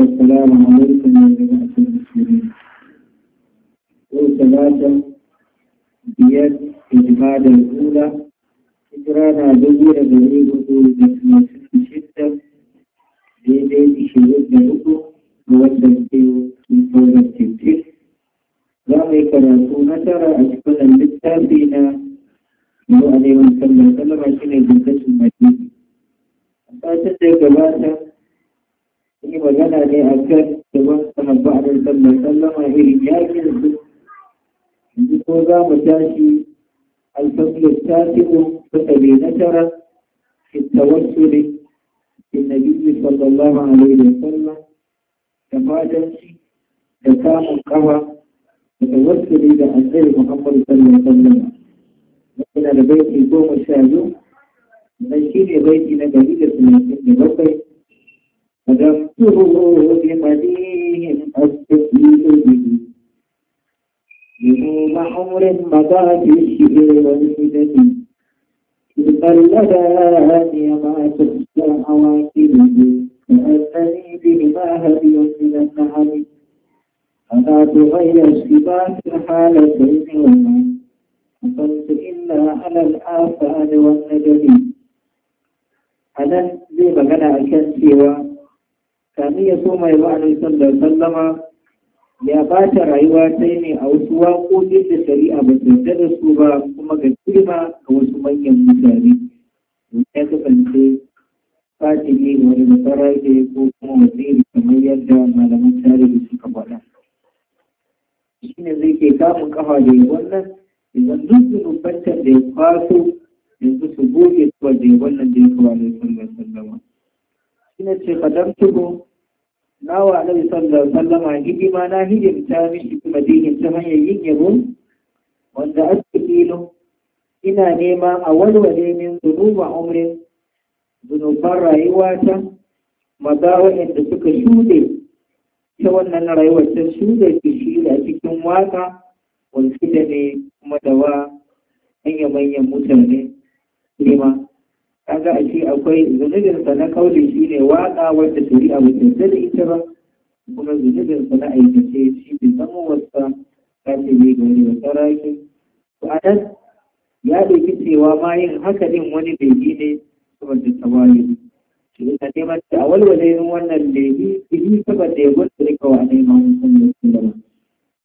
والسلام عليكم ورحمة المسلمين وثلاثة بيد إجماد الأولى إجرانا دولة بريد دولة ثلاثين شدة daidai ishirin da uku ga watan biyu sauran titin za a yi karatu na tara a cikin littafi na yau a neman sallar salama shi ne gunkashin madina a gabata yi magana ne a kan gaban sahabba a sallar sallama irin da su yanzu ko za mu tashi alfaslus ko ta tabi na tara fi tawassuli na biyu sallallahu alaihi wa sallam da fatan shi da samun kafa da tawassuli da annabi muhammad sallallahu alaihi wa sallam yana da baiti goma sha biyu na shi ne baiti na gari da talatin da bakwai أذكره بمديح أستفيد به من محور مضى في الشعر والفتن تلك اللذان ما تخشى عواقبه كأنني بهما هدي من النعم أنات غير اشتباك الحالتين وما حصلت إلا على الآفات والنجم أنا زي ما كان أكن sami ya so mai ba sallar sallama ya bata rayuwa ta ne a wasu waƙoƙi da shari'a ba su da su ba kuma ga girma ga wasu manyan mutane ya kasance ne wani da da ya ko kuma waziri kamar yadda malaman tare da suka faɗa shi ne zai ke kafin kafa da wannan idan duk zunubantar da ya kwaso yanzu su goge kuwa da wannan da ya kawo alaihi sallallahu sallama shi ne ce kadamtuhu nawa annabi sallallahu sallama gidi hidima na hidimta mishi kuma dinin ta hanyar yin yabo wanda ake ilo ina nema a walwale min zunuba umrin zunubar rayuwa ta maza waɗanda suka shuɗe ta wannan rayuwar ta shuɗe shi a cikin waka wasu da ne kuma da wa hanyar manyan mutane nema kaga shi akwai zunubin sa na kauli shine waka wanda turi a ta da ita ba kuma zunubin sa na aikace shi bai zama wasa ta ce ne ga wani wasaraki to anan ya ɗauki cewa ma yin haka din wani bege ne saboda tawali shi ta nema ta walwale wannan bege shi saboda ya gwada rika wa neman wannan sallama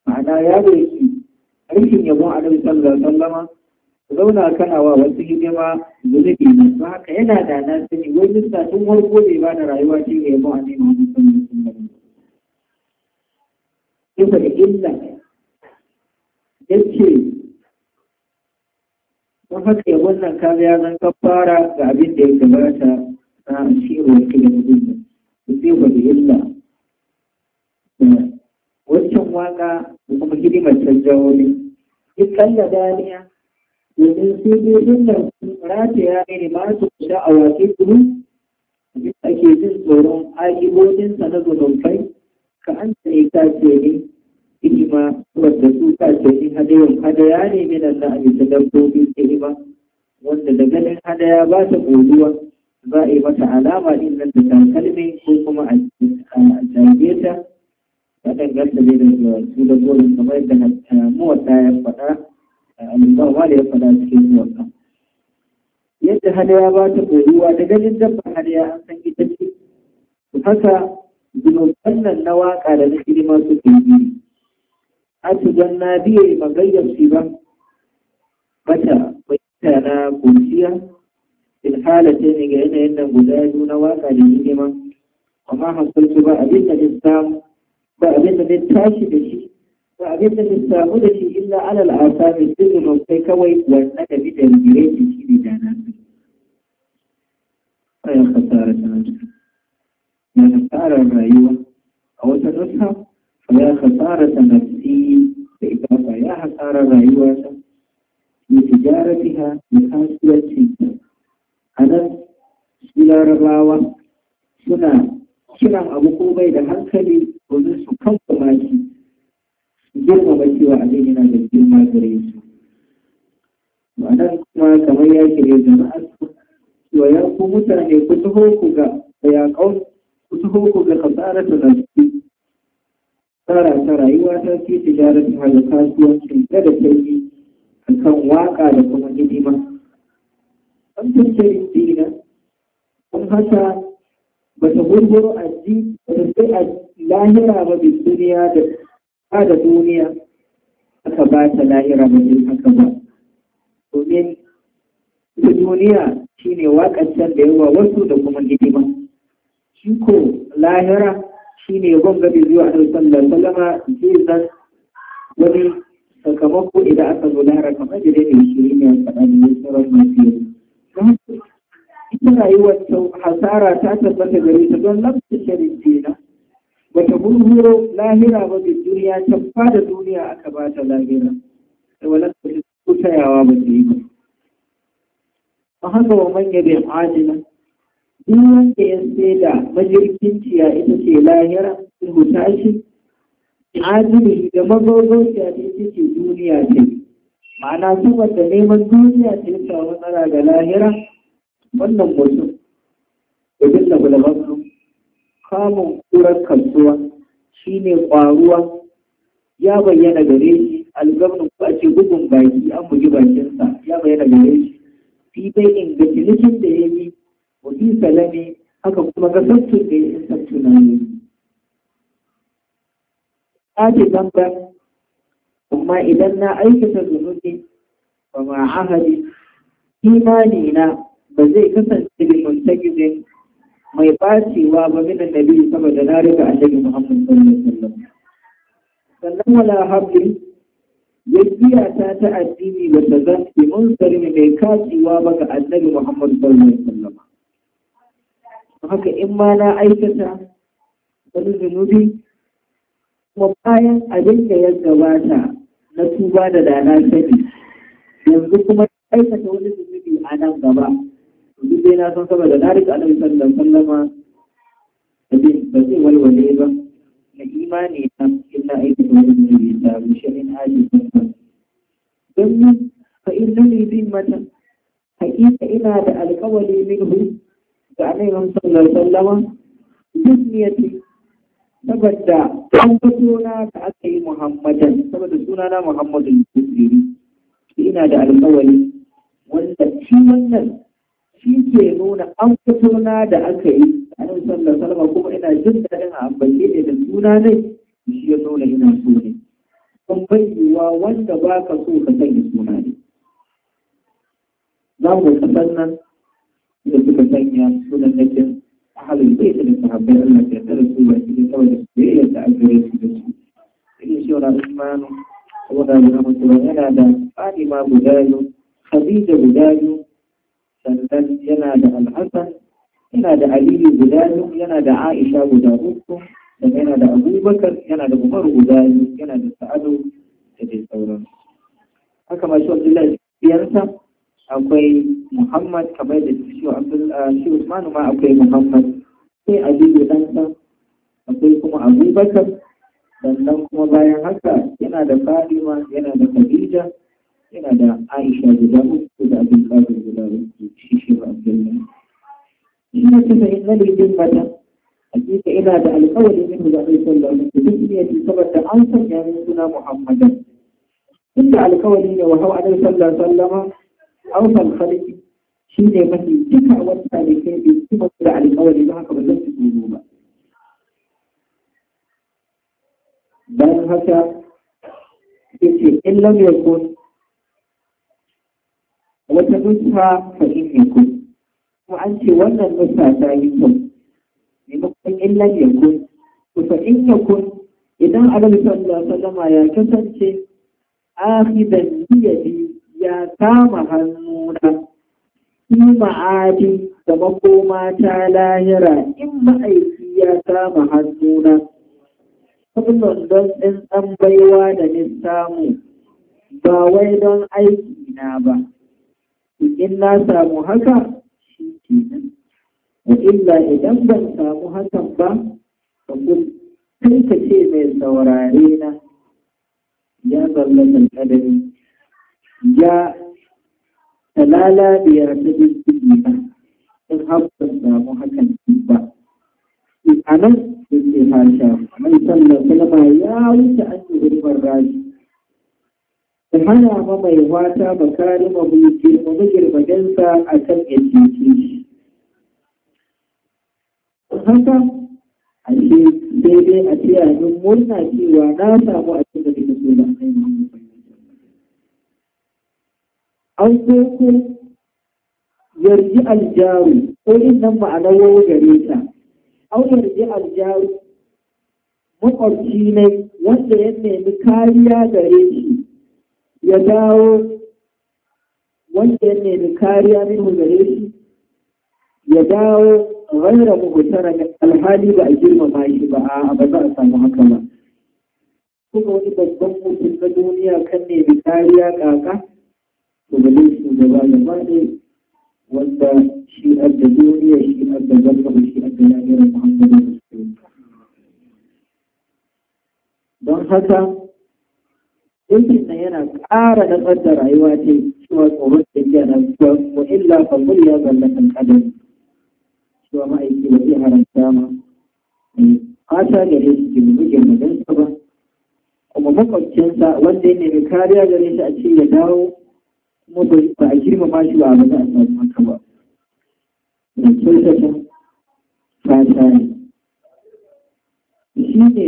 ma'ana ya ɗauki rashin yabon annabi sallallahu alaihi gama. zauna kana wa wasu hidima zunubi ne ba haka yana da na sani wani sa tun farko ne ba da rayuwa shi ne yabo a ne ma wani sanin sun bari yadda da illa ya ce ba haka ya wannan kariya zan kafara ga abin da ya gabata na shirwa ke da mutum da zai gwada illa wancan waka da kuma hidimar mai jawo ne ya kalla daniya domin su biyun nan rataya ne masu sha'awa ke kuru ake jin tsoron sa na zunubai ka an ne ka ce ne ilima wadda su ka ce ne hadayon hadaya ne min Allah a bisa dabbobi ilima wanda da ganin hadaya ba ta goduwa za a yi mata alama din nan da takalmi ko kuma a jage ta ta danganta da su da kamar da muwata ya faɗa annabawa da ya faɗa cikin wasa yadda hadaya ba ta koyuwa da ganin dabba hadaya an san ita ce haka zunuban nan na waƙa da na hidima su ke yi a na biye magayyar shi ba bata fahimta na kunciya in halace ne ga yanayin nan guda biyu na waƙa da hidima amma hankalci ba abin da ta samu ba abin da tashi da shi ba abin da samu da shi إلا على الأعصاب السر موسيقى ويتوزنك بتنجيرين تشيد دانان أي خسارة نفسي من خسارة الرأيوة أو تنصح فيا خسارة نفسي فإذا فيا خسارة الرأيوة لتجارتها لحاسوة سيكا أنا بسم الله الرحمن الرحيم سنة سنة أبو قوبي دهالكالي ونسو كم تماشي duk ba cewa abin yana da girma gare su ma'anar kuma kamar ya da jama'a cewa ya ku mutane ku taho ku ga ya kau ku taho ku ga kasara ta zafi tsara ta rayuwa ta fi tijarar ta da kasuwanci da da sauki a kan waka da kuma hidima an tattare dina kun haka ba ta gurguru ji ba ta sai a lahira ba bi duniya da ba da duniya aka ba ta lahira mai ne haka ba domin da duniya shine waƙancan da yawa wasu da kuma hidima shi ko lahira shine gwamnati zuwa ɗan sallar salama jesus wani sakamako idan aka zo lahira kamar da dai shi ne tsanani da sauran masu ita rayuwar hasara ta tabbata gari ta don lafi shirin jina. wata gurguro lahira ba da duniya ta fada duniya aka ba ta lahira da wani kusa kusayawa ba ta yi ba a haka wa manya bin ajina duk wanda ya sai da majirkin ciya ita ce lahira ta huta shi ajini da magogociya a ita ce duniya ce ma'ana saboda neman duniya ta wani tsawon ga lahira wannan mutum da duk da kamun kurar kalsuwa shi ne ƙwaruwa ya bayyana gare shi algabnin ko bugun baki an bugi bakinsa ya bayyana gare shi fi bai in da ya yi wa fi salame haka kuma ga sattun da ya yi na yi ake amma idan na aikata zunubi ba ma ahadi imani na ba zai kasance da muntagizin mai ɓacewa ba min annabi saboda na rika annabi Muhammad sallallahu alaihi wasallam sannan wala habbi ya ta ta addini wanda ta zan mun sarmi mai kacewa ba ga annabi Muhammad sallallahu alaihi wasallam haka in ma na aikata wani zunubi kuma bayan abin da ya gabata na tuba da dana sani yanzu kuma aikata wani zunubi a nan gaba duk dai na san saboda na rika annabi sallallahu alaihi wasallam da bin ba zai walwale ba na imani na illa aiki da wani ne da shirin aji ba don nan fa inna bin mata. hakika ina da alƙawari minhu ga annabi sallallahu alaihi wasallam bismiyati saboda an fito na da aka yi muhammadan saboda suna na muhammadun kusiri ina da alƙawari wanda shi wannan shi ke nuna an fito na da aka yi a nan sallar salama kuma ina jin daɗin a ambace ne da suna ne shi ya nuna ina so ne kan bayyawa wanda ba ka so ka sanya suna ne za mu kasan nan da suka sanya sunan nakin ahalin ta da sahabbai Allah ya tsara su ba shi ne saboda su yi da agare su da su irin shi wani usmanu saboda abu mutum yana da tsari ma guda biyu khadija guda biyu sannan yana da al’asar yana da aliyu guda yana da aisha guda uku daga yana da abubakar yana da umaru guda yana da sa'adu da dai sauran haka ma shi abdullahi biyarsa akwai muhammad kamar da ah, shi usmanu ma akwai muhammad sai aliyu ɗansa akwai kuma abubakar sannan kuma bayan haka yana da fadima yana da khadija yana da aisha guda uku da abin kazin guda uku shi shi ba a gani ina cika in nali bin mata hakika ina da alkawari min da zai sallah muku duk ne ji saboda an sanya min suna muhammadan tun da alkawari ne wa hawa alaihi sallah sallama awsal khalqi shi ne mafi duka wata ne kai bai kuma da alkawari ba haka ba zan ci ba bayan haka yace in lam yakun wata mutuwa ta in ku? kuma an ce wannan mutuwa ta yi kyau maimakon illan yakun ku. fa in ku? idan annabi sallallahu alaihi wasallama ya kasance akhidan biyadi ya kama hannuna shi ma'adi da makoma ta lahira in ma'aiki ya kama hannuna kullum don ɗin ɗan baiwa da ni samu ba wai don aiki na ba in na samu haka shi ke illa idan ban samu hakan ba kun kai ka ce mai saurare na ya zallatan kadari ya talala biyar ta jirgin ba in haɓar samu hakan ba a nan yake hasha mai sallar kalma ya wuce an yi ribar hana ma mai wata bakari ma girma girmagensa a kan yankinki shi. Haka, a ce daidai a ce yayin murna cewa na samu a cikin da ke so da kai An ko yarji aljaru ko in nan a wani gare ta. An yarji aljaru makwabci ne wanda ya nemi kariya gare shi ya dawo wanda ne da kariya mu gare shi ya dawo ghaira ne alhali ba a girmama shi ba a ba za a samu haka ba kuma wani babban mutum na duniya kan ne da kariya kaka to ba shi shugaba gaba ne wanda shi da duniya shi da zama shi da lahirar muhammadu rasulullah don haka wannan yana ƙara natsar da rayuwa ce cewa tsoron da ke nan ko illa fagul ya zalla kan kadar cewa ma'aiki ba zai haramta ma eh, fata gare su ke buge magansa ba kuma makwabcinsa wanda ya nemi kariya gare shi a ce ya dawo kuma ba a girmama shi ba a ba a samu haka ba. Mai kyautata fata ne. Shi ne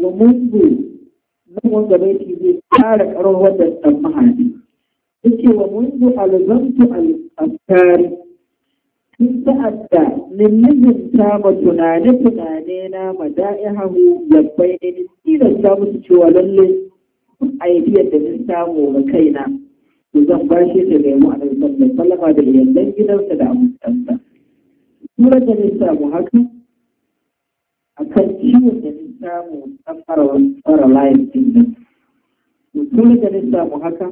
wa mungu nan gaba ki zai ƙara ƙarar ɗan mahaɗi. yake wa mundu alzantu al-askari tun ta'adda nimmin ta ma tunane tunane na ma da'ihahu yabbai ne ni tilasta musu cewa lalle aidiyar da ni samu ga kaina to zan bashe ta ga mu alaihi sallama da iyalan gidansa da abokansa Sura da ni samu haka kan ciwon da ni samu an fara layin din nan mutum da ni samu haka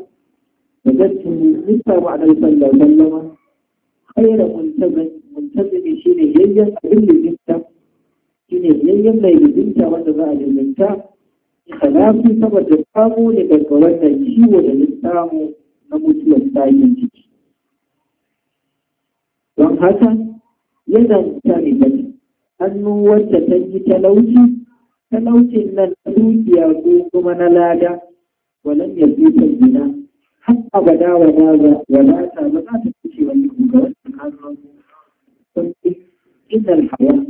da gaske ni samu da annabi sallallahu alaihi wasallam ne shi ne yayyan abin da jinta ne yayyan mai jinta wanda za a jinta ikhlafi saboda samu ne daga wannan ciwo da ni samu na mutuwar tsayin ciki don haka yana mutane bane hannu wacce ta yi talauci talaucin nan dukiya ko kuma na lada walan ya zuka gina har abada wadata wadata ba za ta fice wani kuka wata kasuwan kuma ina hawa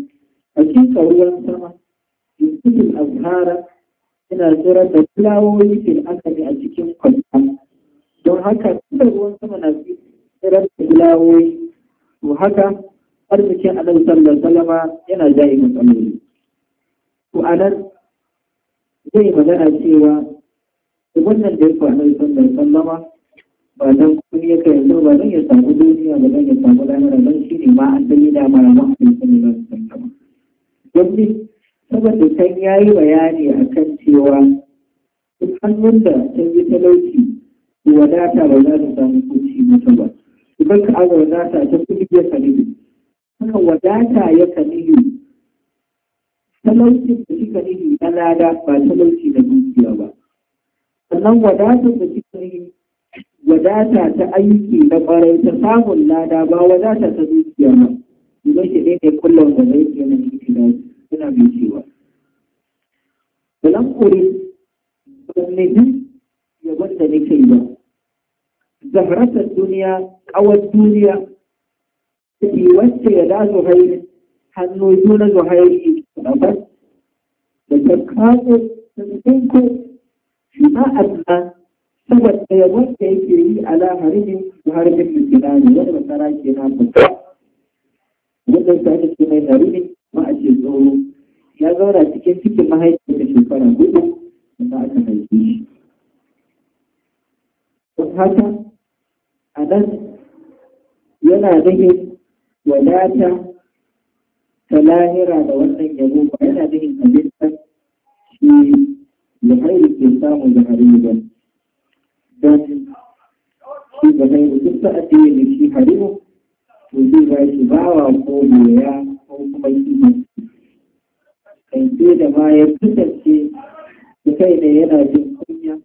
a cikin ruwan sama yankin azhara ina tsirar da fulawoyi ke aka ne a cikin kwanta don haka tunda ruwan sama na tsirar da fulawoyi to haka arzikin annabi sallallahu alaihi wasallama yana jayi matsaloli to a nan zai magana cewa wannan da ya faru sun sallar sallama ba nan kun ya kai yanzu ba zan ya samu duniya ba don ya samu lahira don shi ne ma an dalili da mara ma kun sun ba su sallama don ne saboda can ya yi bayani a kan cewa duk hannun da ta yi talauci wadata ba za ta samu kuci mutu ba idan ka aza wadata ta kuɗi ya kaniyu haka wadata ya kaniyu talaucin da kika nufi na lada ba talauci da dukiya ba sannan wadatar da kika yi wadata ta aiki da ƙwarai ta samun lada ba wadata ta dukiya ba idan shi ne ne kullum da zai ke nan kiki da suna mai cewa sanan kuri sannihin ya da nake kai ba zahratar duniya ƙawar duniya ta wacce ya da zuhairi hannu juna zuhairi Rabar da ta kawo tsinko shi ma Allah saboda yabon da yake yi a laharin su harbin musulani wani masara ke na fita. Wannan ta ake mai harihin ma a ce tsoro. Ya zauna cikin cikin mahaifin da shekara gudu da aka haife shi. Don haka, a nan yana rage wadata ta lahira da wannan yabo ba yana nihin halittar shi da ke samu da harimu ba don shi da duk sa'a da ya shi harimu to zai ba shi bawa ko doya ko kuma ba? kai da ma ya kasance da kai ne yana jin kunya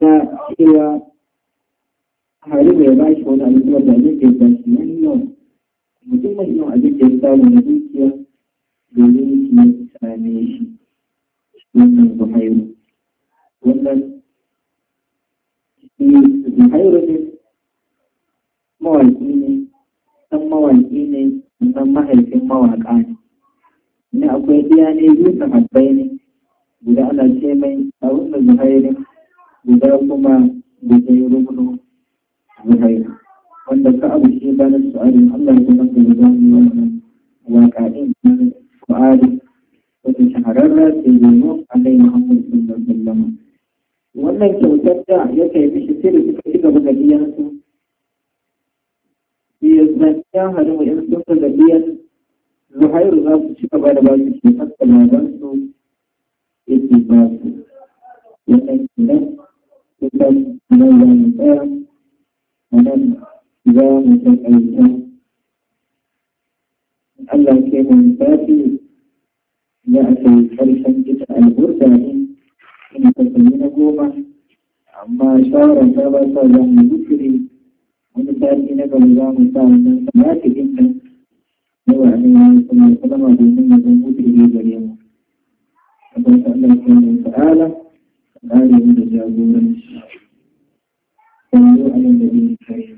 na cewa harimu ya ba shi wani abin da ba zai ke ba shi wani yawan mutum mai yin abin da ya samu na dukiya domin ki same shi wannan zuhairu wannan zuhairu ne mawaƙi ne ɗan mawaƙi ne ɗan mahaifin mawaƙa ne ne akwai ɗiya ne biyu sahabbai ne guda ana ce mai a wannan zuhairu guda kuma guda ya rubuto zuhairu wanda ka abu shi ba da su'ari Allah ya zama da zama yi wannan waƙa ɗin su'ari wata shahararra ce yanzu Allah ya Muhammad sallallahu alaihi wasallam wannan kyautar da ya kai mishi sai da suka ci gaba da biyan su ya zanta harin wa'in sun ga biyan Zuhairu za su ci gaba da ba su kyautar da labansu yake ba su wannan kenan kusan nan ya tsaya a nan ذلك الأيتام Allah ke mun tafi za a kai karshen ita alburda ne ina kasanni na goma amma shawara ta ba sa za mu zikiri wani sati na gaba za mu sa wannan salati din nan na wa ne kuma sallama domin mu zan zikiri gare mu akwai ta Allah ke mun ta'ala tsari da jagoranci. Sallu ala nabi karim.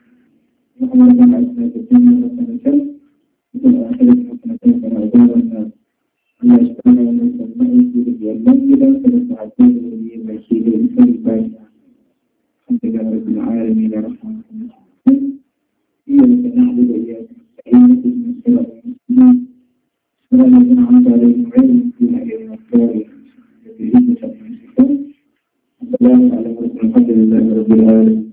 وقال عز أما أشبه وليس الميت به المنزل فلتعذبه به المشيد الإنسان الباشا الحمد لله رب العالمين الرحمن